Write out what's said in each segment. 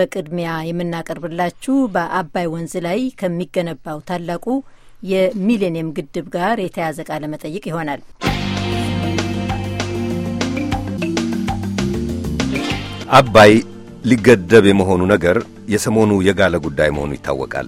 በቅድሚያ የምናቀርብላችሁ በአባይ ወንዝ ላይ ከሚገነባው ታላቁ የሚሌኒየም ግድብ ጋር የተያዘ ቃለ መጠይቅ ይሆናል። አባይ ሊገደብ የመሆኑ ነገር የሰሞኑ የጋለ ጉዳይ መሆኑ ይታወቃል።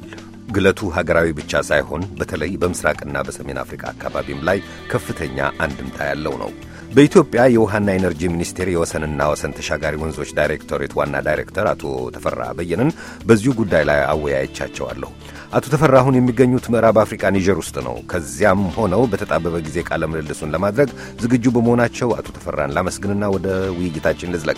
ግለቱ ሀገራዊ ብቻ ሳይሆን በተለይ በምስራቅና በሰሜን አፍሪካ አካባቢም ላይ ከፍተኛ አንድምታ ያለው ነው። በኢትዮጵያ የውሃና ኤነርጂ ሚኒስቴር የወሰንና ወሰን ተሻጋሪ ወንዞች ዳይሬክቶሬት ዋና ዳይሬክተር አቶ ተፈራ በየነን በዚሁ ጉዳይ ላይ አወያየቻቸዋለሁ። አቶ ተፈራ አሁን የሚገኙት ምዕራብ አፍሪካ ኒጀር ውስጥ ነው። ከዚያም ሆነው በተጣበበ ጊዜ ቃለ ምልልሱን ለማድረግ ዝግጁ በመሆናቸው አቶ ተፈራን ላመስግንና ወደ ውይይታችን ልዝለቅ።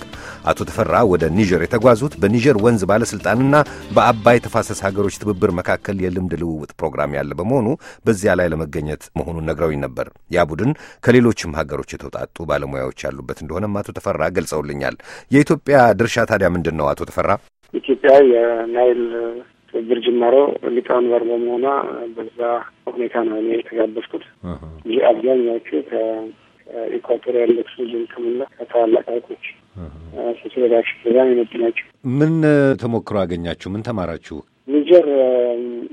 አቶ ተፈራ ወደ ኒጀር የተጓዙት በኒጀር ወንዝ ባለሥልጣንና በአባይ ተፋሰስ ሀገሮች ትብብር መካከል የልምድ ልውውጥ ፕሮግራም ያለ በመሆኑ በዚያ ላይ ለመገኘት መሆኑን ነግረውኝ ነበር። ያ ቡድን ከሌሎችም ሀገሮች የተውጣጡ ባለሙያዎች ያሉበት እንደሆነም አቶ ተፈራ ገልጸውልኛል። የኢትዮጵያ ድርሻ ታዲያ ምንድን ነው? አቶ ተፈራ ኢትዮጵያ የናይል ትብብር ጅማሮ ሊቀመንበር በመሆኗ በዛ ሁኔታ ነው እኔ የተጋበዝኩት እንጂ አብዛኛዎቹ ከኢኳቶሪያል ያለች ህክምና ከታላቅ ሀይቆች ሶሲዳሽ ዛ የመጡ ናቸው። ምን ተሞክሮ አገኛችሁ? ምን ተማራችሁ? ኒጀር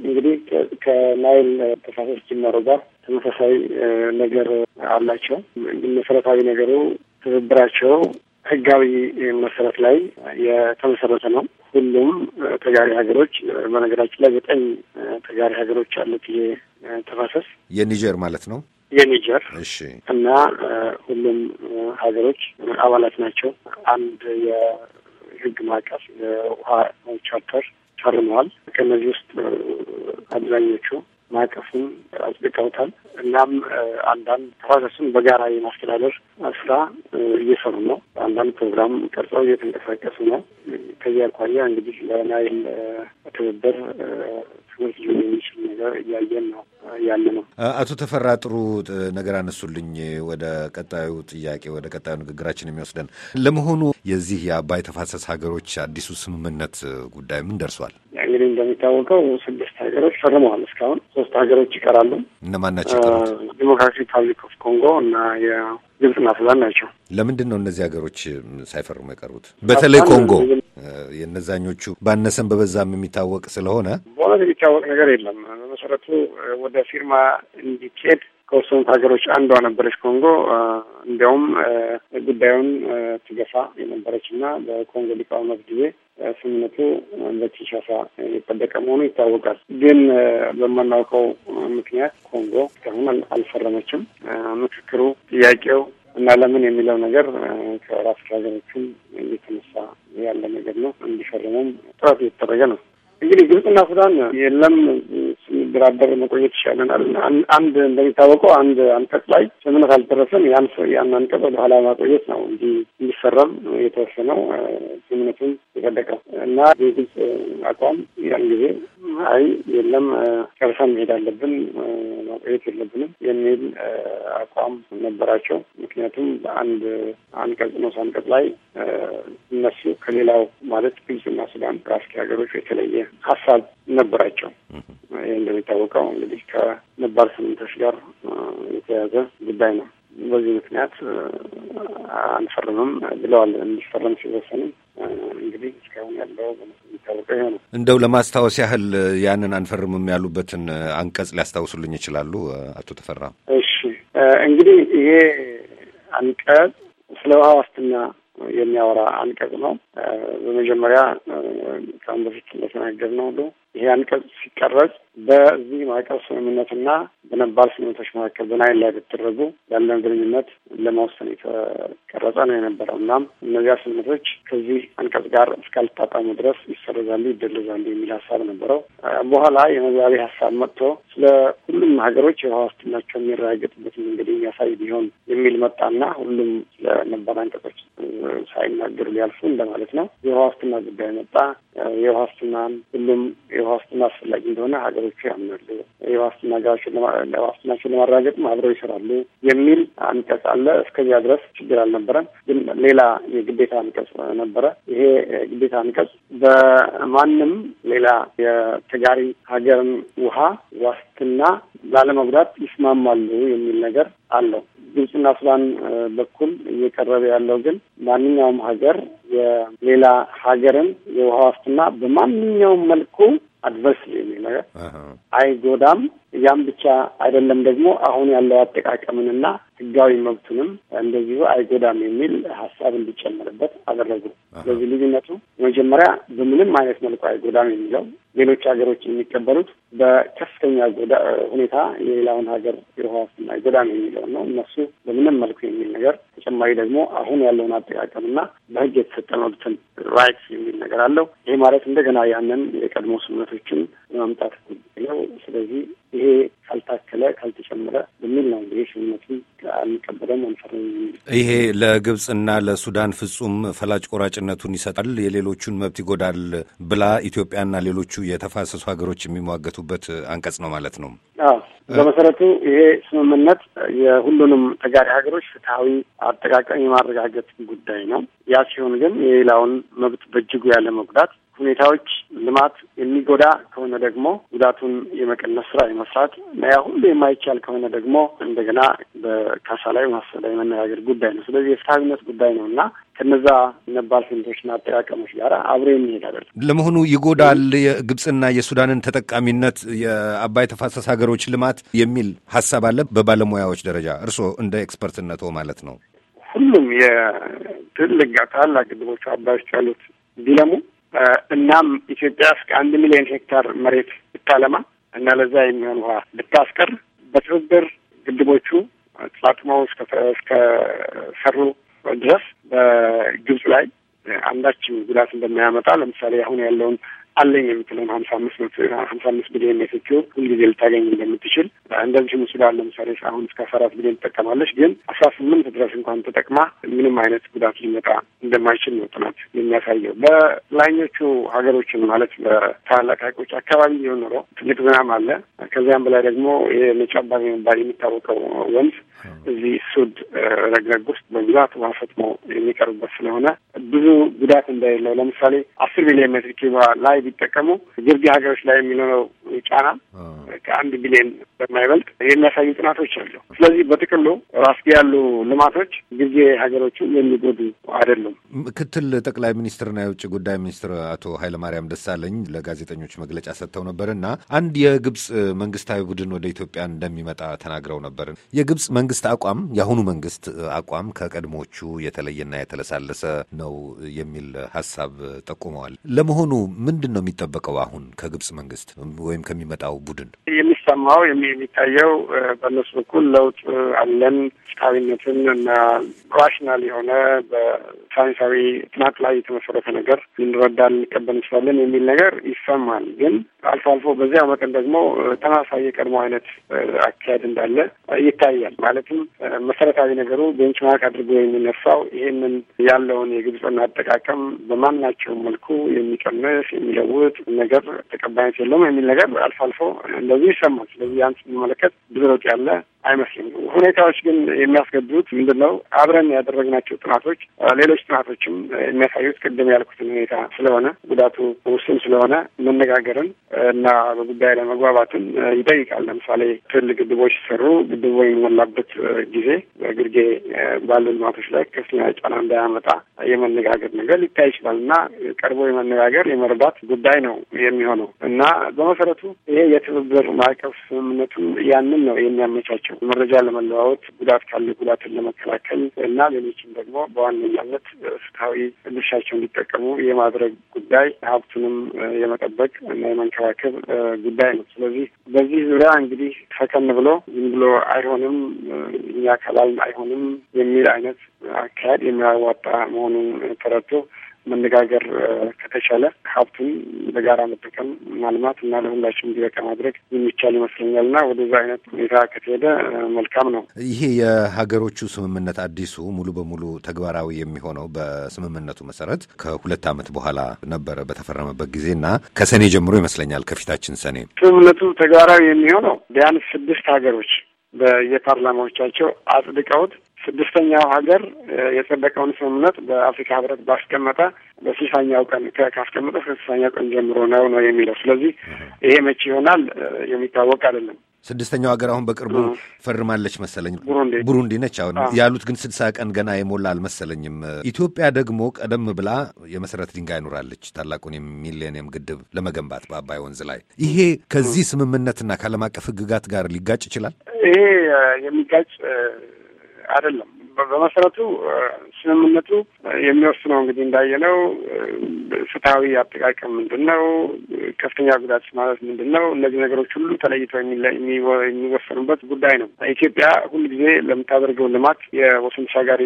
እንግዲህ ከናይል ተፋሰስ ጅማሮ ጋር ተመሳሳይ ነገር አላቸው። መሰረታዊ ነገሩ ትብብራቸው ህጋዊ መሰረት ላይ የተመሰረተ ነው። ሁሉም ተጋሪ ሀገሮች በነገራችን ላይ ዘጠኝ ተጋሪ ሀገሮች አሉት። ይሄ ተፋሰስ የኒጀር ማለት ነው የኒጀር እሺ። እና ሁሉም ሀገሮች አባላት ናቸው። አንድ የህግ ማዕቀፍ የውሃ ቻርተር ፈርመዋል። ከእነዚህ ውስጥ አብዛኞቹ ማዕቀፍም አጽድቀውታል። እናም አንዳንድ ተፋሰሱን በጋራ የማስተዳደር ስራ እየሰሩ ነው። አንዳንድ ፕሮግራም ቀርጸው እየተንቀሳቀሱ ነው። ከዚህ አኳያ እንግዲህ ለናይል ትብብር ትምህርት ሊሆን የሚችል ነገር እያየን ነው ያለ ነው። አቶ ተፈራ ጥሩ ነገር አነሱልኝ። ወደ ቀጣዩ ጥያቄ ወደ ቀጣዩ ንግግራችን የሚወስደን ለመሆኑ የዚህ የአባይ ተፋሰስ ሀገሮች አዲሱ ስምምነት ጉዳይ ምን ደርሷል? እንግዲህ እንደሚታወቀው ስድስት ሀገሮች ፈርመዋል እስካሁን ሶስት ሀገሮች ይቀራሉ። እነማን ናቸው የቀሩት? ዲሞክራሲ ሪፐብሊክ ኦፍ ኮንጎ እና የግብፅና ሱዳን ናቸው። ለምንድን ነው እነዚህ ሀገሮች ሳይፈርሙ የቀሩት? በተለይ ኮንጎ የእነዛኞቹ ባነሰም በበዛም የሚታወቅ ስለሆነ በእውነት የሚታወቅ ነገር የለም። በመሰረቱ ወደ ፊርማ እንዲኬድ ከወሰኑት ሀገሮች አንዷ ነበረች ኮንጎ። እንዲያውም ጉዳዩን ትገፋ የነበረች እና በኮንጎ ሊቃውነት ጊዜ ስምምነቱ በኪንሻሳ የጸደቀ መሆኑ ይታወቃል። ግን በማናውቀው ምክንያት ኮንጎ እስካሁን አልፈረመችም። ምክክሩ፣ ጥያቄው እና ለምን የሚለው ነገር ከራስ ሀገሮችም እየተነሳ ያለ ነገር ነው። እንዲፈርሙም ጥረት እየተደረገ ነው። እንግዲህ ግብጽና ሱዳን የለም ሲደራደር መቆየት ይሻለናል። አንድ እንደሚታወቀው አንድ አንቀጽ ላይ ስምምነት አልደረሰም፣ ያን ያን አንቀጽ ወደ ኋላ ማቆየት ነው እንጂ እንዲፈረም የተወሰነው ስምምነቱን የጸደቀው እና የግብጽ አቋም ያን ጊዜ አይ የለም ጨርሳ መሄድ አለብን መቆየት የለብንም የሚል አቋም ነበራቸው። ምክንያቱም በአንድ አንቀጽ ነው አንቀጽ ላይ እነሱ ከሌላው ማለት ግብጽና ሱዳን ከአፍሪካ ሀገሮች የተለየ ሀሳብ ነበራቸው። ይህ እንደሚታወቀው እንግዲህ ከነባር ስምንቶች ጋር የተያዘ ጉዳይ ነው። በዚህ ምክንያት አንፈርምም ብለዋል። እንዲፈረም ሲወሰን እንግዲህ እስካሁን ያለው የሚታወቀው ይሄ ነው። እንደው ለማስታወስ ያህል ያንን አንፈርምም ያሉበትን አንቀጽ ሊያስታውሱልኝ ይችላሉ አቶ ተፈራ? እሺ እንግዲህ ይሄ አንቀጽ ስለ ውሃ ዋስትና የሚያወራ አንቀጽ ነው። በመጀመሪያ ከአሁን በፊት ለተናገር ነው ሁሉ ይህ አንቀጽ ሲቀረጽ በዚህ ማዕቀፍ ስምምነትና በነባር ስምምነቶች መካከል በናይል ላይ ብትደረጉ ያለን ግንኙነት ለመወሰን የተቀረጸ ነው የነበረው። እናም እነዚያ ስምምነቶች ከዚህ አንቀጽ ጋር እስካልጣጣሙ ድረስ ይሰረዛሉ፣ ይደለዛሉ የሚል ሀሳብ ነበረው። በኋላ የመዛቤ ሀሳብ መጥቶ ስለ ሁሉም ሀገሮች የውሃ ዋስትናቸው የሚረጋገጥበትን መንገድ የሚያሳይ ቢሆን የሚል መጣና ሁሉም ስለነባር አንቀጾች ሳይናገሩ ሊያልፉ እንደማለት ነው። የውሃ ዋስትና ጉዳይ መጣ። የውሃ ዋስትናን ሁሉም የዋስትና አስፈላጊ እንደሆነ ሀገሮቹ ያምናሉ። የዋስትና ዋስትናቸውን ለማረጋገጥም አብረው ይሰራሉ የሚል አንቀጽ አለ። እስከዚያ ድረስ ችግር አልነበረም። ግን ሌላ የግዴታ አንቀጽ ነበረ። ይሄ ግዴታ አንቀጽ በማንም ሌላ የተጋሪ ሀገርን ውሃ ዋስትና ላለመጉዳት ይስማማሉ የሚል ነገር አለው። ግብፅና ሱዳን በኩል እየቀረበ ያለው ግን ማንኛውም ሀገር የሌላ ሀገርን የውሃ ዋስትና በማንኛውም መልኩ adversely. You know? uh-huh. I go down ያም ብቻ አይደለም ደግሞ አሁን ያለው አጠቃቀምንና ህጋዊ መብቱንም እንደዚሁ አይጎዳም የሚል ሀሳብ እንዲጨመርበት አደረጉ። ስለዚህ ልዩነቱ መጀመሪያ በምንም አይነት መልኩ አይጎዳም የሚለው ሌሎች ሀገሮች የሚቀበሉት በከፍተኛ ሁኔታ የሌላውን ሀገር የውሃ ዋስትና አይጎዳም የሚለውን ነው። እነሱ በምንም መልኩ የሚል ነገር ተጨማሪ ደግሞ አሁን ያለውን አጠቃቀምና በህግ የተሰጠ መብትን ራይት የሚል ነገር አለው። ይሄ ማለት እንደገና ያንን የቀድሞ ስምምነቶችን ማምጣት ነው። ስለዚህ ይሄ ለግብፅና ለሱዳን ፍጹም ፈላጭ ቆራጭነቱን ይሰጣል፣ የሌሎቹን መብት ይጎዳል ብላ ኢትዮጵያና ሌሎቹ የተፋሰሱ ሀገሮች የሚሟገቱበት አንቀጽ ነው ማለት ነው። በመሰረቱ ይሄ ስምምነት የሁሉንም ተጋሪ ሀገሮች ፍትሐዊ አጠቃቀም የማረጋገጥ ጉዳይ ነው። ያ ሲሆን ግን የሌላውን መብት በእጅጉ ያለ መጉዳት ሁኔታዎች ልማት የሚጎዳ ከሆነ ደግሞ ጉዳቱን የመቀነስ ስራ የመስራት እና ያ ሁሉ የማይቻል ከሆነ ደግሞ እንደገና በካሳ ላይ ማሰብ ላይ መነጋገር ጉዳይ ነው። ስለዚህ የፍትሀዊነት ጉዳይ ነው እና ከነዛ ነባር ስልቶችና አጠቃቀሞች ጋር አብሮ የሚሄድ አይደለም። ለመሆኑ ይጎዳል የግብፅና የሱዳንን ተጠቃሚነት የአባይ ተፋሰስ ሀገሮች ልማት የሚል ሀሳብ አለ በባለሙያዎች ደረጃ እርስዎ እንደ ኤክስፐርትነቶ ማለት ነው። ሁሉም የትልቅ ታላቅ ግድቦች አባዮች ያሉት ቢለሙ እናም ኢትዮጵያ እስከ አንድ ሚሊዮን ሄክታር መሬት ብታለማ እና ለዛ የሚሆን ውሃ ብታስቀር በትብብር ግድቦቹ ተላጥመው እስከ ሰሩ ድረስ በግብፅ ላይ አንዳችም ጉዳት እንደማያመጣ ለምሳሌ አሁን ያለውን አለኝ የምትለውን ሀምሳ አምስት መቶ ሀምሳ አምስት ቢሊዮን ኤፌክቲቭ ሁልጊዜ ልታገኝ እንደምትችል እንደዚህ ምስሉ ሱዳን ለምሳሌ አሁን እስከ አስራ አራት ቢሊዮን ትጠቀማለች። ግን አስራ ስምንት ድረስ እንኳን ተጠቅማ ምንም አይነት ጉዳት ሊመጣ እንደማይችል ነው ጥናት የሚያሳየው። በላይኞቹ ሀገሮችን ማለት በታላቅ ሀይቆች አካባቢ ሊሆን ኖሮ ትልቅ ዝናም አለ። ከዚያም በላይ ደግሞ የነጭ አባይ የሚባል የሚታወቀው ወንዝ እዚህ ሱድ ረግረግ ውስጥ በብዛት ውሃ ፈጥሞ የሚቀርብበት ስለሆነ ብዙ ጉዳት እንደሌለው ለምሳሌ አስር ሚሊዮን ሜትሪክ ኪባ ላይ ቢጠቀሙ ግርጌ ሀገሮች ላይ የሚኖረው ጫና ከአንድ ቢሊዮን በማይበልጥ የሚያሳዩ ጥናቶች አሉ። ስለዚህ በጥቅሉ ራስጌ ያሉ ልማቶች ጊዜ ሀገሮችን የሚጎዱ አይደሉም። ምክትል ጠቅላይ ሚኒስትርና የውጭ ጉዳይ ሚኒስትር አቶ ኃይለማርያም ደሳለኝ ለጋዜጠኞች መግለጫ ሰጥተው ነበር እና አንድ የግብፅ መንግስታዊ ቡድን ወደ ኢትዮጵያ እንደሚመጣ ተናግረው ነበር። የግብፅ መንግስት አቋም የአሁኑ መንግስት አቋም ከቀድሞቹ የተለየና የተለሳለሰ ነው የሚል ሀሳብ ጠቁመዋል። ለመሆኑ ምንድን ነው የሚጠበቀው አሁን ከግብፅ መንግስት ወይም ከሚመጣው ቡድን የሚሰማው የሚታየው በእነሱ በኩል ለውጥ አለን ፍትሐዊነትን እና ራሽናል የሆነ በሳይንሳዊ ጥናት ላይ የተመሰረተ ነገር ልንረዳ ልንቀበል እንችላለን የሚል ነገር ይሰማል። ግን አልፎ አልፎ በዚያ መጠን ደግሞ ተመሳሳይ የቀድሞ አይነት አካሄድ እንዳለ ይታያል። ማለትም መሰረታዊ ነገሩ ቤንችማርክ አድርጎ የሚነሳው ይህንን ያለውን የግብፅና አጠቃቀም በማናቸውም መልኩ የሚቀንስ የሚለውጥ ነገር ተቀባይነት የለውም የሚል ነገር አልፎ አልፎ እንደዚሁ ይሰማል። ነው። ስለዚህ ያን ስንመለከት ብዙ ለውጥ ያለ አይመስልም። ሁኔታዎች ግን የሚያስገዱት ምንድን ነው? አብረን ያደረግናቸው ጥናቶች፣ ሌሎች ጥናቶችም የሚያሳዩት ቅድም ያልኩትን ሁኔታ ስለሆነ ጉዳቱ ውስን ስለሆነ መነጋገርን እና በጉዳይ ላይ መግባባትን ይጠይቃል። ለምሳሌ ትልልቅ ግድቦች ሲሰሩ ግድቡ የሚሞላበት ጊዜ በግርጌ ባሉ ልማቶች ላይ ከፍተኛ ጫና እንዳያመጣ የመነጋገር ነገር ሊታይ ይችላል እና ቀርቦ የመነጋገር የመረዳት ጉዳይ ነው የሚሆነው እና በመሰረቱ ይሄ የትብብር ማዕቀ አቀፍ ስምምነቱም ያንን ነው የሚያመቻቸው መረጃ ለመለዋወጥ፣ ጉዳት ካለ ጉዳትን ለመከላከል እና ሌሎችም ደግሞ በዋነኛነት ፍትሐዊ ድርሻቸው እንዲጠቀሙ የማድረግ ጉዳይ ሀብቱንም የመጠበቅ እና የመንከባከብ ጉዳይ ነው። ስለዚህ በዚህ ዙሪያ እንግዲህ ፈቀን ብሎ ዝም ብሎ አይሆንም እኛ ከላል አይሆንም የሚል አይነት አካሄድ የሚያዋጣ መሆኑን ተረድቶ መነጋገር ከተቻለ ሀብቱን ለጋራ መጠቀም ማልማት እና ለሁላችን እንዲበቃ ማድረግ የሚቻል ይመስለኛል እና ወደዛ አይነት ሁኔታ ከተሄደ መልካም ነው። ይሄ የሀገሮቹ ስምምነት አዲሱ ሙሉ በሙሉ ተግባራዊ የሚሆነው በስምምነቱ መሰረት ከሁለት ዓመት በኋላ ነበረ በተፈረመበት ጊዜ እና ከሰኔ ጀምሮ ይመስለኛል ከፊታችን ሰኔ ስምምነቱ ተግባራዊ የሚሆነው ቢያንስ ስድስት ሀገሮች በየፓርላማዎቻቸው አጽድቀውት ስድስተኛው ሀገር የጸደቀውን ስምምነት በአፍሪካ ህብረት ባስቀመጠ በስልሳኛው ቀን ካስቀመጠ ስልሳኛው ቀን ጀምሮ ነው ነው የሚለው። ስለዚህ ይሄ መቼ ይሆናል የሚታወቅ አይደለም። ስድስተኛው ሀገር አሁን በቅርቡ ፈርማለች መሰለኝ፣ ቡሩንዲ ነች። አሁን ያሉት ግን ስድሳ ቀን ገና የሞላ አልመሰለኝም። ኢትዮጵያ ደግሞ ቀደም ብላ የመሰረት ድንጋይ ኑራለች ታላቁን የሚሌኒየም ግድብ ለመገንባት በአባይ ወንዝ ላይ። ይሄ ከዚህ ስምምነትና ከዓለም አቀፍ ህግጋት ጋር ሊጋጭ ይችላል። ይሄ የሚጋጭ አይደለም በመሰረቱ ስምምነቱ የሚወስነው እንግዲህ እንዳየነው ፍትሐዊ አጠቃቀም ምንድን ነው፣ ከፍተኛ ጉዳት ማለት ምንድን ነው፣ እነዚህ ነገሮች ሁሉ ተለይተው የሚወሰኑበት ጉዳይ ነው። ኢትዮጵያ ጊዜ ለምታደርገው ልማት የወሰን ተሻጋሪ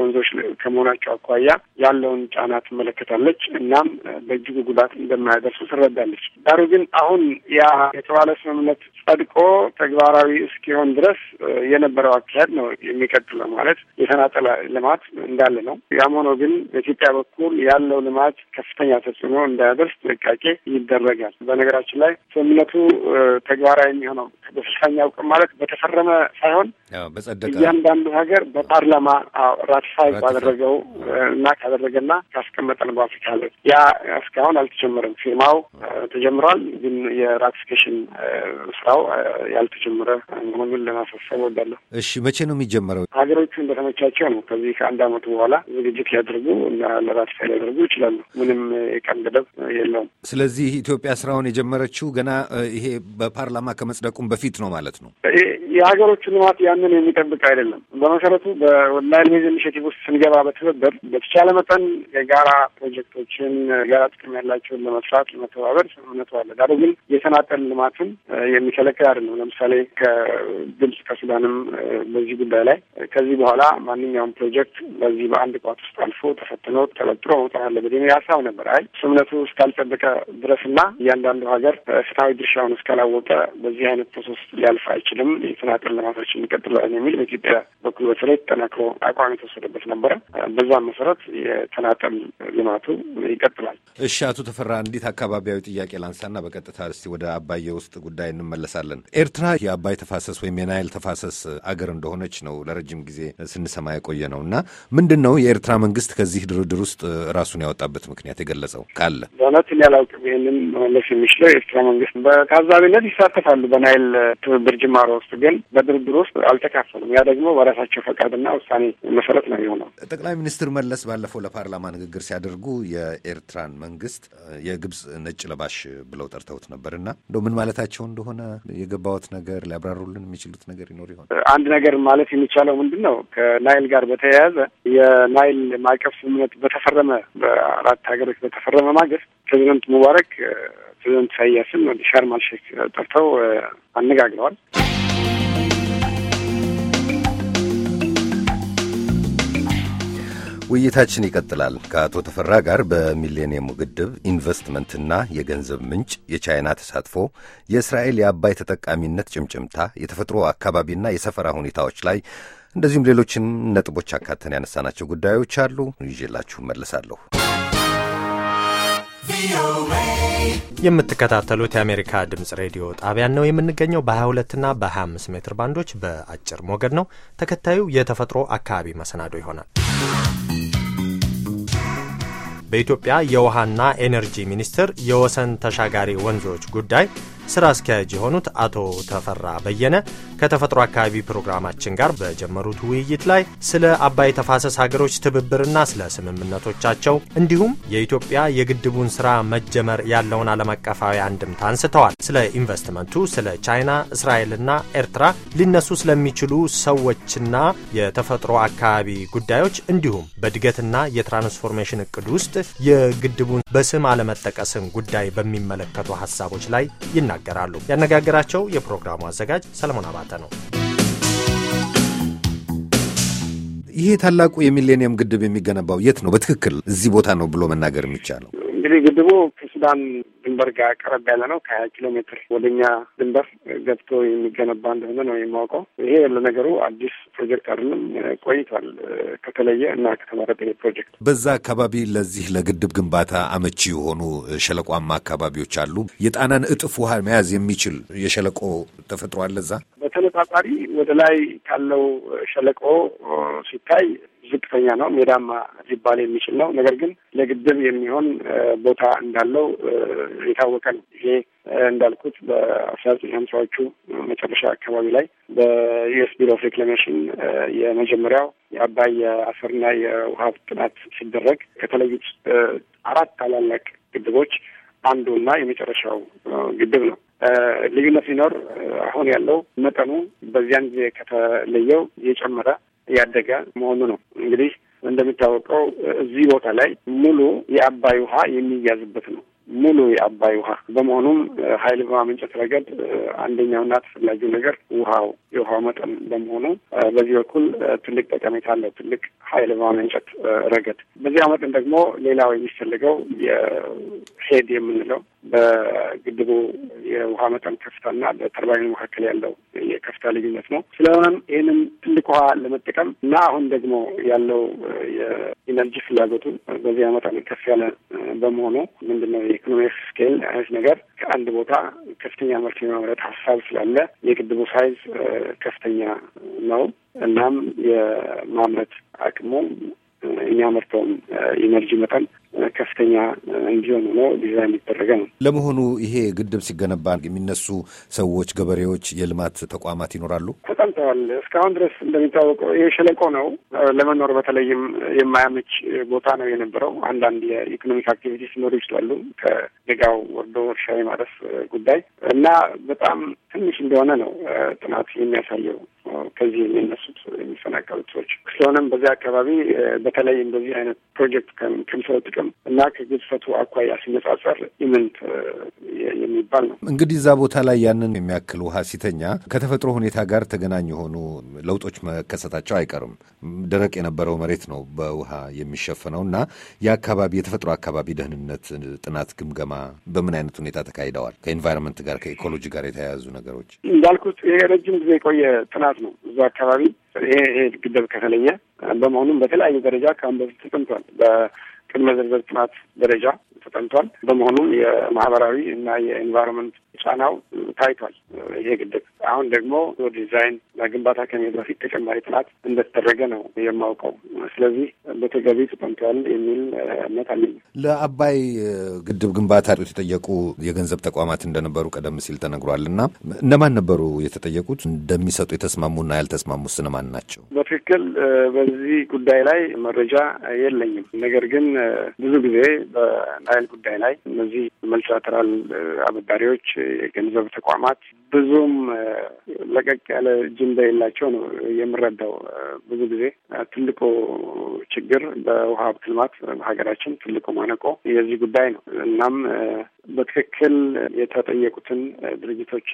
ወንዞች ከመሆናቸው አኳያ ያለውን ጫና ትመለከታለች። እናም በእጅጉ ጉዳት እንደማያደርሱ ትረዳለች። ዳሩ ግን አሁን ያ የተባለ ስምምነት ጸድቆ ተግባራዊ እስኪሆን ድረስ የነበረው አካሄድ ነው የሚቀጥለው ማለት የተናጠለ ልማት እንዳለ ነው። ያም ሆኖ ግን በኢትዮጵያ በኩል ያለው ልማት ከፍተኛ ተጽዕኖ እንዳያደርስ ጥንቃቄ ይደረጋል። በነገራችን ላይ ስምምነቱ ተግባራዊ የሚሆነው በፊፋኛ እውቅም ማለት በተፈረመ ሳይሆን እያንዳንዱ ሀገር በፓርላማ ራቲፋይ ባደረገው እና ካደረገና ነው በአፍሪካ ህብረት ያ እስካሁን አልተጀመረም። ፊርማው ተጀምሯል፣ ግን የራቲፊኬሽን ስራው ያልተጀመረ መሆኑን ለማሳሰብ ወዳለሁ። እሺ፣ መቼ ነው የሚጀመረው? ሀገሮቹ ከተመቻቸው ነው ከዚህ ከአንድ አመቱ በኋላ ዝግጅት ሊያደርጉ እና ለራቲፋይ ሊያደርጉ ይችላሉ። ምንም የቀን ገደብ የለውም። ስለዚህ ኢትዮጵያ ስራውን የጀመረችው ገና ይሄ በፓርላማ ከመጽደቁም በፊት ነው ማለት ነው። የሀገሮቹ ልማት ያንን የሚጠብቅ አይደለም። በመሰረቱ በወላይል ሜዝ ኢኒሽቲቭ ውስጥ ስንገባ በትብብር በተቻለ መጠን የጋራ ፕሮጀክቶችን የጋራ ጥቅም ያላቸውን ለመስራት ለመተባበር ስምምነቱ አለ። ዳሩ ግን የተናጠል ልማትን የሚከለክል አይደለም። ለምሳሌ ከግብጽ ከሱዳንም በዚህ ጉዳይ ላይ ከዚህ በኋላ ማንኛውም ፕሮጀክት በዚህ በአንድ ቋት ውስጥ አልፎ ተፈትኖ ተበጥሮ መውጣት አለበት የሚል ሀሳብ ነበር። አይ ስምምነቱ እስካልጠበቀ ድረስና እያንዳንዱ ሀገር ፍትሐዊ ድርሻውን እስካላወቀ በዚህ አይነት ፕሮሰስ ሊያልፍ አይችልም መሰናክል ልማታችን እንቀጥላለን የሚል በኢትዮጵያ በኩል በተለይ ተጠናክሮ አቋም የተወሰደበት ነበረ። በዛ መሰረት የተናጠል ልማቱ ይቀጥላል። እሺ፣ አቶ ተፈራ እንዴት አካባቢያዊ ጥያቄ ላንሳና በቀጥታ እስቲ ወደ አባይ ውስጥ ጉዳይ እንመለሳለን። ኤርትራ የአባይ ተፋሰስ ወይም የናይል ተፋሰስ አገር እንደሆነች ነው ለረጅም ጊዜ ስንሰማ የቆየ ነው እና ምንድን ነው የኤርትራ መንግስት ከዚህ ድርድር ውስጥ ራሱን ያወጣበት ምክንያት የገለጸው ካለ? በእውነት እኔ አላውቅም። ይህንን መመለስ የሚችለው የኤርትራ መንግስት በታዛቢነት ይሳተፋሉ በናይል ትብብር ጅማሮ ውስጥ ግን ግን በድርድር ውስጥ አልተካፈሉም። ያ ደግሞ በራሳቸው ፈቃድና ውሳኔ መሰረት ነው የሆነው። ጠቅላይ ሚኒስትር መለስ ባለፈው ለፓርላማ ንግግር ሲያደርጉ የኤርትራን መንግስት የግብፅ ነጭ ለባሽ ብለው ጠርተውት ነበርና እንደው ምን ማለታቸው እንደሆነ የገባዎት ነገር ሊያብራሩልን የሚችሉት ነገር ይኖር ይሆን? አንድ ነገር ማለት የሚቻለው ምንድን ነው ከናይል ጋር በተያያዘ የናይል ማዕቀፍ ስምምነት በተፈረመ በአራት ሀገሮች በተፈረመ ማግስት ፕሬዚደንት ሙባረክ ፕሬዚደንት ኢሳያስን ወደ ሻርም ጠርተው አነጋግረዋል። ውይይታችን ይቀጥላል ከአቶ ተፈራ ጋር በሚሌኒየሙ ግድብ ኢንቨስትመንትና የገንዘብ ምንጭ፣ የቻይና ተሳትፎ፣ የእስራኤል የአባይ ተጠቃሚነት ጭምጭምታ፣ የተፈጥሮ አካባቢና የሰፈራ ሁኔታዎች ላይ እንደዚሁም ሌሎችን ነጥቦች አካተን ያነሳናቸው ጉዳዮች አሉ። ይዤላችሁ መለሳለሁ። የምትከታተሉት የአሜሪካ ድምጽ ሬዲዮ ጣቢያን ነው። የምንገኘው በ22ና በ25 ሜትር ባንዶች በአጭር ሞገድ ነው። ተከታዩ የተፈጥሮ አካባቢ መሰናዶ ይሆናል። በኢትዮጵያ የውሃና ኤነርጂ ሚኒስቴር የወሰን ተሻጋሪ ወንዞች ጉዳይ ስራ አስኪያጅ የሆኑት አቶ ተፈራ በየነ ከተፈጥሮ አካባቢ ፕሮግራማችን ጋር በጀመሩት ውይይት ላይ ስለ አባይ ተፋሰስ ሀገሮች ትብብርና ስለ ስምምነቶቻቸው እንዲሁም የኢትዮጵያ የግድቡን ስራ መጀመር ያለውን ዓለም አቀፋዊ አንድምታ አንስተዋል። ስለ ኢንቨስትመንቱ፣ ስለ ቻይና፣ እስራኤልና ኤርትራ ሊነሱ ስለሚችሉ ሰዎችና የተፈጥሮ አካባቢ ጉዳዮች እንዲሁም በእድገትና የትራንስፎርሜሽን እቅድ ውስጥ የግድቡን በስም አለመጠቀስን ጉዳይ በሚመለከቱ ሀሳቦች ላይ ይናል ይናገራሉ። ያነጋገራቸው የፕሮግራሙ አዘጋጅ ሰለሞን አባተ ነው። ይሄ ታላቁ የሚሌኒየም ግድብ የሚገነባው የት ነው? በትክክል እዚህ ቦታ ነው ብሎ መናገር የሚቻለው እንግዲህ ግድቡ ከሱዳን ድንበር ጋር ቀረብ ያለ ነው። ከሀያ ኪሎ ሜትር ወደኛ ድንበር ገብቶ የሚገነባ እንደሆነ ነው የማውቀው። ይሄ ለነገሩ አዲስ ፕሮጀክት አይደለም፣ ቆይቷል። ከተለየ እና ከተመረጠ ይሄ ፕሮጀክት በዛ አካባቢ ለዚህ ለግድብ ግንባታ አመቺ የሆኑ ሸለቋማ አካባቢዎች አሉ። የጣናን እጥፍ ውሃ መያዝ የሚችል የሸለቆ ተፈጥሮ አለ እዛ በተነጻጻሪ ወደ ላይ ካለው ሸለቆ ሲታይ ዝቅተኛ ነው፣ ሜዳማ ሊባል የሚችል ነው። ነገር ግን ለግድብ የሚሆን ቦታ እንዳለው የታወቀ ነው። ይሄ እንዳልኩት በአስራ ዘጠኝ ሀምሳዎቹ መጨረሻ አካባቢ ላይ በዩኤስ ቢሮ ኦፍ ሪክላሜሽን የመጀመሪያው የአባይ የአፈርና የውሃ ጥናት ሲደረግ ከተለዩት አራት ታላላቅ ግድቦች አንዱና የመጨረሻው ግድብ ነው። ልዩነት ሲኖር አሁን ያለው መጠኑ በዚያን ጊዜ ከተለየው የጨመረ ያደገ መሆኑ ነው። እንግዲህ እንደሚታወቀው እዚህ ቦታ ላይ ሙሉ የአባይ ውሃ የሚያዝበት ነው ሙሉ የአባይ ውሃ በመሆኑም ኃይል በማመንጨት ረገድ አንደኛውና ተፈላጊው ነገር ውሃው የውሃው መጠን በመሆኑ በዚህ በኩል ትልቅ ጠቀሜታ አለው። ትልቅ ኃይል በማመንጨት ረገድ በዚያ መጠን ደግሞ ሌላው የሚፈልገው የሄድ የምንለው በግድቡ የውሃ መጠን ከፍታና በተርባይኑ መካከል ያለው የከፍታ ልዩነት ነው። ስለሆነም ይህንን ትልቅ ውሃ ለመጠቀም እና አሁን ደግሞ ያለው የኢነርጂ ፍላጎቱ በዚያ መጠን ከፍ ያለ በመሆኑ ምንድነው የኢኮኖሚ ስኬል አይነት ነገር ከአንድ ቦታ ከፍተኛ ምርት የማምረት ሀሳብ ስላለ የግድቡ ሳይዝ ከፍተኛ ነው። እናም የማምረት አቅሙ የሚያመርተውን ኢነርጂ መጠን ከፍተኛ እንዲሆን ነው ዲዛይን ይደረገ ነው። ለመሆኑ ይሄ ግድብ ሲገነባ የሚነሱ ሰዎች፣ ገበሬዎች፣ የልማት ተቋማት ይኖራሉ? ተጠምተዋል። እስካሁን ድረስ እንደሚታወቀው ይሄ ሸለቆ ነው። ለመኖር በተለይም የማያመች ቦታ ነው የነበረው። አንዳንድ የኢኮኖሚክ አክቲቪቲስ ሊኖሩ ይችላሉ። ከደጋው ወርዶ እርሻ የማረስ ጉዳይ እና በጣም ትንሽ እንደሆነ ነው ጥናት የሚያሳየው። ከዚህ የሚነሱት የሚፈናቀሉት ሰዎች። ስለሆነም በዚህ አካባቢ በተለይ እንደዚህ አይነት ፕሮጀክት ከምሰው ጥቅም እና ከግዝፈቱ አኳያ ሲነጻጸር ኢምንት የሚባል ነው። እንግዲህ እዛ ቦታ ላይ ያንን የሚያክል ውሃ ሲተኛ ከተፈጥሮ ሁኔታ ጋር ተገናኝ የሆኑ ለውጦች መከሰታቸው አይቀርም። ደረቅ የነበረው መሬት ነው በውሃ የሚሸፈነው እና የአካባቢ የተፈጥሮ አካባቢ ደህንነት ጥናት ግምገማ በምን አይነት ሁኔታ ተካሂደዋል? ከኢንቫይሮንመንት ጋር ከኢኮሎጂ ጋር የተያያዙ ነገሮች እንዳልኩት ረጅም ጊዜ የቆየ ጥናት ልማት ነው። እዛ አካባቢ ይሄ ግደብ ከፍለኛ በመሆኑም በተለያዩ ደረጃ ከአሁን በፊት ተቀምጧል። በቅድመ ዝርዝር ጥናት ደረጃ ተጠንቷል። በመሆኑም የማህበራዊ እና የኤንቫይሮንመንት ጫናው ታይቷል። ይሄ ግድብ አሁን ደግሞ ዲዛይን ግንባታ ከመሄድ በፊት ተጨማሪ ጥናት እንደተደረገ ነው የማውቀው። ስለዚህ በተገቢ ተጠንቷል የሚል እምነት አለኝ። ለአባይ ግድብ ግንባታ የተጠየቁ የገንዘብ ተቋማት እንደነበሩ ቀደም ሲል ተነግሯል እና እነማን ነበሩ የተጠየቁት? እንደሚሰጡ የተስማሙና ያልተስማሙ ስነማን ናቸው? በትክክል በዚህ ጉዳይ ላይ መረጃ የለኝም። ነገር ግን ብዙ ጊዜ በናይል በሚባል ጉዳይ ላይ እነዚህ መልቲላተራል uh, አበዳሪዎች uh, የገንዘብ ተቋማት ብዙም uh, ለቀቅ ያለ አጀንዳ የላቸው ነው የምረዳው። ብዙ ጊዜ ትልቁ ችግር በውሃ ሀብት ልማት በሀገራችን ትልቁ ማነቆ የዚህ ጉዳይ ነው። እናም በትክክል የተጠየቁትን ድርጅቶች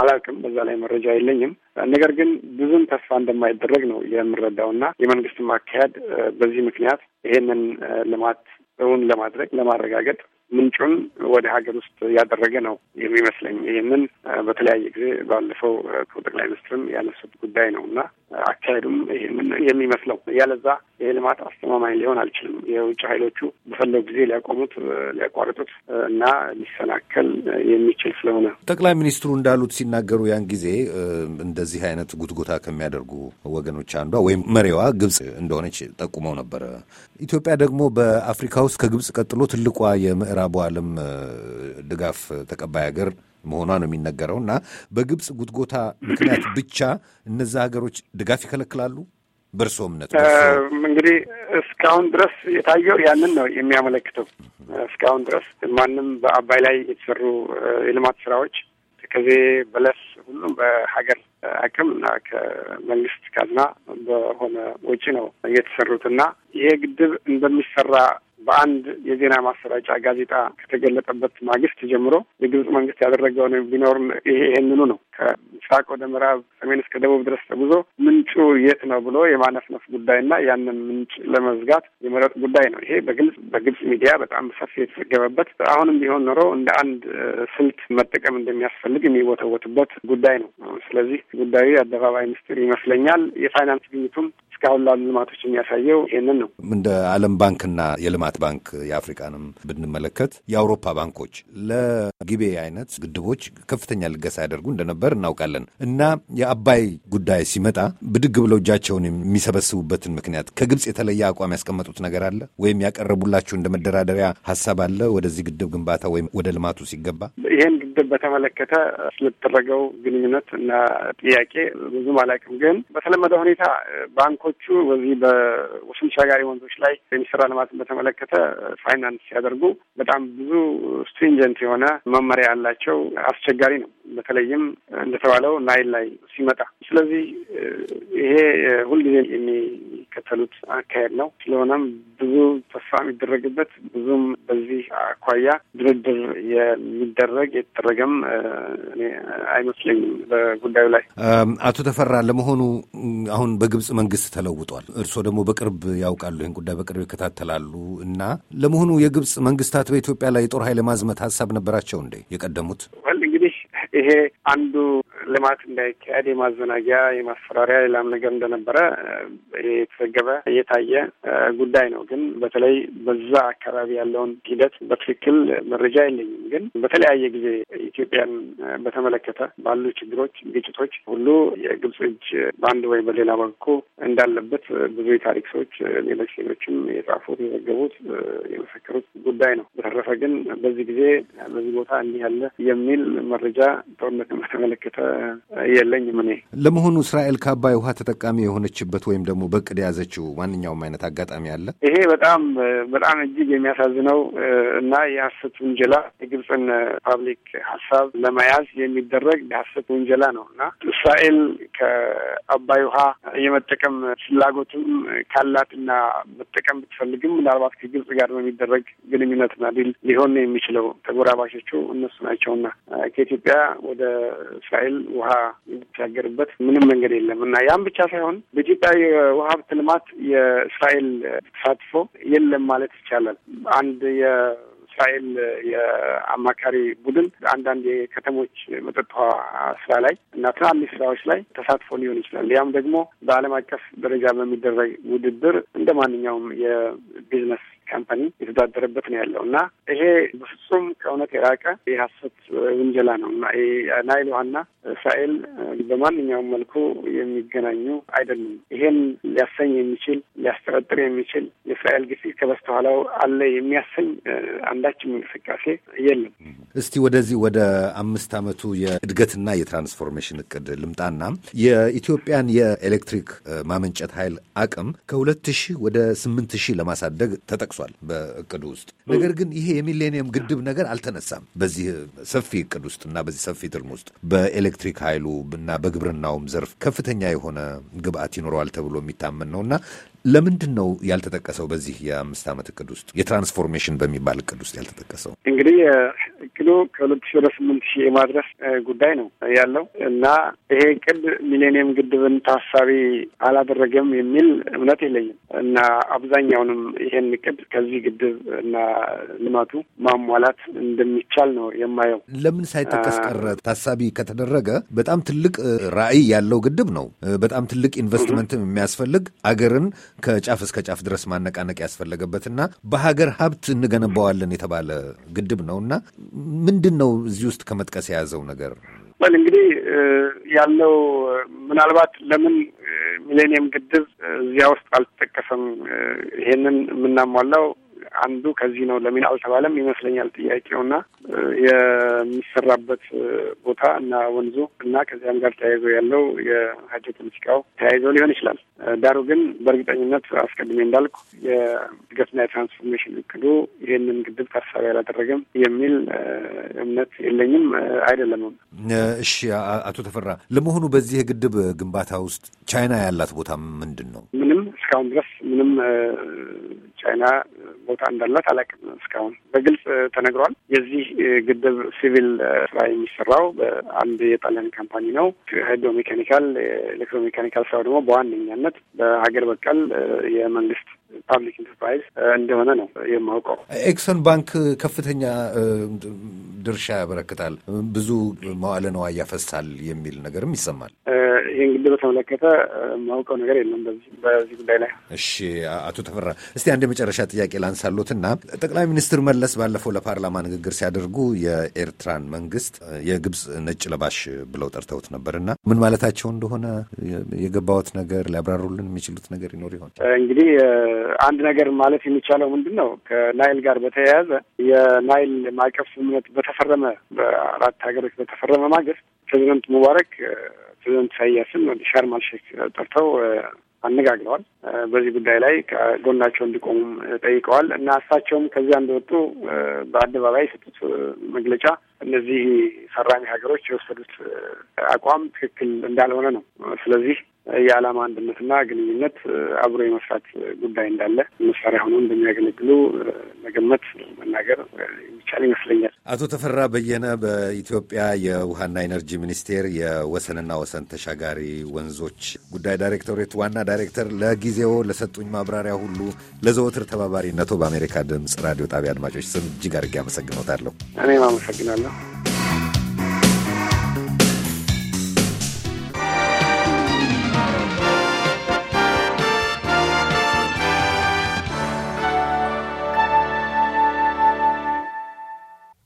አላውቅም፣ በዛ ላይ መረጃ የለኝም። ነገር ግን ብዙም ተስፋ እንደማይደረግ ነው የምረዳው እና የመንግስትም አካሄድ በዚህ ምክንያት ይሄንን ልማት እውን ለማድረግ ለማረጋገጥ ምንጩን ወደ ሀገር ውስጥ ያደረገ ነው የሚመስለኝ። ይህንን በተለያየ ጊዜ ባለፈው ጠቅላይ ሚኒስትርም ያነሱት ጉዳይ ነው እና አካሄዱም ይህንን የሚመስለው ያለዛ ይህ ልማት አስተማማኝ ሊሆን አልችልም። የውጭ ኃይሎቹ በፈለጉ ጊዜ ሊያቆሙት፣ ሊያቋርጡት እና ሊሰናከል የሚችል ስለሆነ ጠቅላይ ሚኒስትሩ እንዳሉት ሲናገሩ ያን ጊዜ እንደዚህ አይነት ጉትጎታ ከሚያደርጉ ወገኖች አንዷ ወይም መሪዋ ግብጽ እንደሆነች ጠቁመው ነበረ። ኢትዮጵያ ደግሞ በአፍሪካ ውስጥ ከግብጽ ቀጥሎ ትልቋ የምዕ የምዕራቡ ዓለም ድጋፍ ተቀባይ ሀገር መሆኗ ነው የሚነገረው እና በግብፅ ጉትጎታ ምክንያት ብቻ እነዛ ሀገሮች ድጋፍ ይከለክላሉ። በእርሶ እምነት እንግዲህ እስካሁን ድረስ የታየው ያንን ነው የሚያመለክተው። እስካሁን ድረስ ማንም በአባይ ላይ የተሰሩ የልማት ስራዎች ከዚህ በለስ፣ ሁሉም በሀገር አቅም እና ከመንግስት ካዝና በሆነ ወጪ ነው የተሰሩት እና ይሄ ግድብ እንደሚሰራ በአንድ የዜና ማሰራጫ ጋዜጣ ከተገለጠበት ማግስት ጀምሮ የግብጽ መንግስት ያደረገውን ቢኖር ይሄ ይህንኑ ነው። ከምስራቅ ወደ ምዕራብ፣ ሰሜን እስከ ደቡብ ድረስ ተጉዞ ምንጩ የት ነው ብሎ የማነፍነፍ ጉዳይና ያንን ምንጭ ለመዝጋት የመረጥ ጉዳይ ነው። ይሄ በግልጽ በግብጽ ሚዲያ በጣም ሰፊ የተዘገበበት አሁንም ቢሆን ኖሮ እንደ አንድ ስልት መጠቀም እንደሚያስፈልግ የሚወተወትበት ጉዳይ ነው። ስለዚህ ጉዳዩ የአደባባይ ምስጢር ይመስለኛል። የፋይናንስ ግኝቱም እስካሁን ላሉ ልማቶች የሚያሳየው ይህንን ነው። እንደ ዓለም ባንክና የልማት ባንክ የአፍሪካንም ብንመለከት የአውሮፓ ባንኮች ለጊቤ አይነት ግድቦች ከፍተኛ ልገሳ ያደርጉ እንደነበር እናውቃለን። እና የአባይ ጉዳይ ሲመጣ ብድግ ብለው እጃቸውን የሚሰበስቡበትን ምክንያት ከግብፅ የተለየ አቋም ያስቀመጡት ነገር አለ ወይም ያቀረቡላችሁ እንደ መደራደሪያ ሀሳብ አለ ወደዚህ ግድብ ግንባታ ወይም ወደ ልማቱ ሲገባ ይህን ግድብ በተመለከተ ስለተደረገው ግንኙነት እና ጥያቄ ብዙም አላውቅም፣ ግን በተለመደ ሁኔታ ባንኮ ባንኮቹ በዚህ በወሰን ተሻጋሪ ወንዞች ላይ የሚሰራ ልማትን በተመለከተ ፋይናንስ ሲያደርጉ በጣም ብዙ ስትሪንጀንት የሆነ መመሪያ ያላቸው አስቸጋሪ ነው። በተለይም እንደተባለው ናይል ላይ ሲመጣ ስለዚህ ይሄ ሁልጊዜ የሚ የተከተሉት አካሄድ ነው። ስለሆነም ብዙ ተስፋ የሚደረግበት ብዙም በዚህ አኳያ ድርድር የሚደረግ የተደረገም አይመስለኝም። በጉዳዩ ላይ አቶ ተፈራ ለመሆኑ አሁን በግብጽ መንግስት ተለውጧል። እርስዎ ደግሞ በቅርብ ያውቃሉ፣ ይህን ጉዳይ በቅርብ ይከታተላሉ እና ለመሆኑ የግብጽ መንግስታት በኢትዮጵያ ላይ የጦር ኃይል ማዝመት ሀሳብ ነበራቸው እንዴ የቀደሙት? ይሄ አንዱ ልማት እንዳይካሄድ የማዘናጊያ የማስፈራሪያ ሌላም ነገር እንደነበረ የተዘገበ የታየ ጉዳይ ነው። ግን በተለይ በዛ አካባቢ ያለውን ሂደት በትክክል መረጃ የለኝም። ግን በተለያየ ጊዜ ኢትዮጵያን በተመለከተ ባሉ ችግሮች፣ ግጭቶች ሁሉ የግብጽ እጅ በአንድ ወይ በሌላ በኩ እንዳለበት ብዙ የታሪክ ሰዎች ሌሎች ሌሎችም የጻፉት የዘገቡት የመሰከሩት ጉዳይ ነው። በተረፈ ግን በዚህ ጊዜ በዚህ ቦታ እንዲህ ያለ የሚል መረጃ ጦርነትን በተመለከተ የለኝም። እኔ ለመሆኑ እስራኤል ከአባይ ውሃ ተጠቃሚ የሆነችበት ወይም ደግሞ በቅድ የያዘችው ማንኛውም አይነት አጋጣሚ አለ? ይሄ በጣም በጣም እጅግ የሚያሳዝነው እና የሀሰት ውንጀላ የግብፅን ፓብሊክ ሀሳብ ለመያዝ የሚደረግ የሀሰት ውንጀላ ነው እና እስራኤል ከአባይ ውሃ የመጠቀም ፍላጎትም ካላትና መጠቀም ብትፈልግም ምናልባት ከግብፅ ጋር በሚደረግ ግንኙነትና ዲል ሊሆን የሚችለው ተጎራባሾቹ እነሱ ናቸውና ከኢትዮጵያ ወደ እስራኤል ውሃ የሚሻገርበት ምንም መንገድ የለም እና ያም ብቻ ሳይሆን በኢትዮጵያ የውሃ ሀብት ልማት የእስራኤል ተሳትፎ የለም ማለት ይቻላል። አንድ የእስራኤል የአማካሪ ቡድን አንዳንድ የከተሞች መጠጥ ውሃ ስራ ላይ እና ትናንሽ ስራዎች ላይ ተሳትፎ ሊሆን ይችላል። ያም ደግሞ በዓለም አቀፍ ደረጃ በሚደረግ ውድድር እንደ ማንኛውም የቢዝነስ ካምፓኒ የተዳደረበት ነው ያለው እና ይሄ በፍጹም ከእውነት የራቀ የሀሰት ውንጀላ ነው እና ናይል ውሃና እስራኤል በማንኛውም መልኩ የሚገናኙ አይደሉም። ይሄን ሊያሰኝ የሚችል ሊያስጠረጥር የሚችል የእስራኤል ግፊት ከበስተኋላው አለ የሚያሰኝ አንዳችም እንቅስቃሴ የለም። እስቲ ወደዚህ ወደ አምስት ዓመቱ የእድገትና የትራንስፎርሜሽን እቅድ ልምጣና የኢትዮጵያን የኤሌክትሪክ ማመንጨት ኃይል አቅም ከሁለት ሺህ ወደ ስምንት ሺህ ለማሳደግ ተጠቅሷል። ተጠቅሷል በእቅዱ ውስጥ። ነገር ግን ይሄ የሚሌኒየም ግድብ ነገር አልተነሳም በዚህ ሰፊ እቅድ ውስጥ እና በዚህ ሰፊ ትልም ውስጥ በኤሌክትሪክ ኃይሉ እና በግብርናውም ዘርፍ ከፍተኛ የሆነ ግብአት ይኖረዋል ተብሎ የሚታመን ነው እና ለምንድን ነው ያልተጠቀሰው? በዚህ የአምስት ዓመት እቅድ ውስጥ የትራንስፎርሜሽን በሚባል እቅድ ውስጥ ያልተጠቀሰው? እንግዲህ እቅዱ ከሁለት ሺህ ወደ ስምንት ሺህ የማድረስ ጉዳይ ነው ያለው እና ይሄ እቅድ ሚሌኒየም ግድብን ታሳቢ አላደረገም የሚል እምነት የለኝም እና አብዛኛውንም ይሄን እቅድ ከዚህ ግድብ እና ልማቱ ማሟላት እንደሚቻል ነው የማየው። ለምን ሳይጠቀስ ቀረ? ታሳቢ ከተደረገ በጣም ትልቅ ራዕይ ያለው ግድብ ነው። በጣም ትልቅ ኢንቨስትመንት የሚያስፈልግ አገርን ከጫፍ እስከ ጫፍ ድረስ ማነቃነቅ ያስፈለገበትና በሀገር ሀብት እንገነባዋለን የተባለ ግድብ ነው እና ምንድን ነው እዚህ ውስጥ ከመጥቀስ የያዘው ነገር? በል እንግዲህ ያለው ምናልባት ለምን ሚሌኒየም ግድብ እዚያ ውስጥ አልተጠቀሰም? ይሄንን የምናሟላው አንዱ ከዚህ ነው ለምን አልተባለም ይመስለኛል ጥያቄው እና የሚሰራበት ቦታ እና ወንዙ እና ከዚያም ጋር ተያይዞ ያለው የሀጀ ፖለቲካው ተያይዞ ሊሆን ይችላል። ዳሩ ግን በእርግጠኝነት አስቀድሜ እንዳልኩ የእድገትና የትራንስፎርሜሽን እቅዱ ይህንን ግድብ ታሳቢ አላደረገም የሚል እምነት የለኝም አይደለምም። እሺ፣ አቶ ተፈራ ለመሆኑ በዚህ የግድብ ግንባታ ውስጥ ቻይና ያላት ቦታ ምንድን ነው? ምንም እስካሁን ድረስ ምንም ቻይና ቦታ እንዳላት አላውቅም እስካሁን በግልጽ ተነግሯል። የዚህ ግድብ ሲቪል ስራ የሚሰራው በአንድ የጣሊያን ካምፓኒ ነው። ሄዶ ሜካኒካል፣ ኤሌክትሮ ሜካኒካል ስራው ደግሞ በዋነኛነት በሀገር በቀል የመንግስት ፓብሊክ ኢንተርፕራይዝ እንደሆነ ነው የማውቀው። ኤክሰን ባንክ ከፍተኛ ድርሻ ያበረክታል፣ ብዙ መዋለ ነዋ ያፈሳል የሚል ነገርም ይሰማል። ይህን ግድብ በተመለከተ ማውቀው ነገር የለም በዚህ ጉዳይ ላይ። እሺ አቶ ተፈራ እስቲ አንድ የመጨረሻ ጥያቄ ላንሳሎትና ጠቅላይ ሚኒስትር መለስ ባለፈው ለፓርላማ ንግግር ሲያደርጉ የኤርትራን መንግስት የግብፅ ነጭ ለባሽ ብለው ጠርተውት ነበርና ምን ማለታቸው እንደሆነ የገባዎት ነገር ሊያብራሩልን የሚችሉት ነገር ይኖር ይሆን? እንግዲህ አንድ ነገር ማለት የሚቻለው ምንድን ነው ከናይል ጋር በተያያዘ የናይል ማዕቀፍ ስምምነት በተፈረመ በአራት ሀገሮች በተፈረመ ማግስት ፕሬዚደንት ሙባረክ ፕሬዚደንት ኢሳያስን ወደ ሻርም አልሼክ ጠርተው አነጋግረዋል። በዚህ ጉዳይ ላይ ከጎናቸው እንዲቆሙም ጠይቀዋል እና እሳቸውም ከዚያ እንደወጡ በአደባባይ የሰጡት መግለጫ እነዚህ ፈራሚ ሀገሮች የወሰዱት አቋም ትክክል እንዳልሆነ ነው። ስለዚህ የዓላማ አንድነትና ግንኙነት አብሮ የመስራት ጉዳይ እንዳለ መሳሪያ ሆኖ እንደሚያገለግሉ መገመት መናገር የሚቻል ይመስለኛል። አቶ ተፈራ በየነ በኢትዮጵያ የውሃና ኢነርጂ ሚኒስቴር የወሰንና ወሰን ተሻጋሪ ወንዞች ጉዳይ ዳይሬክቶሬት ዋና ዳይሬክተር፣ ለጊዜው ለሰጡኝ ማብራሪያ ሁሉ ለዘወትር ተባባሪነቱ በአሜሪካ ድምፅ ራዲዮ ጣቢያ አድማጮች ስም እጅግ አድርጌ አመሰግኖታለሁ። እኔም አመሰግናለሁ።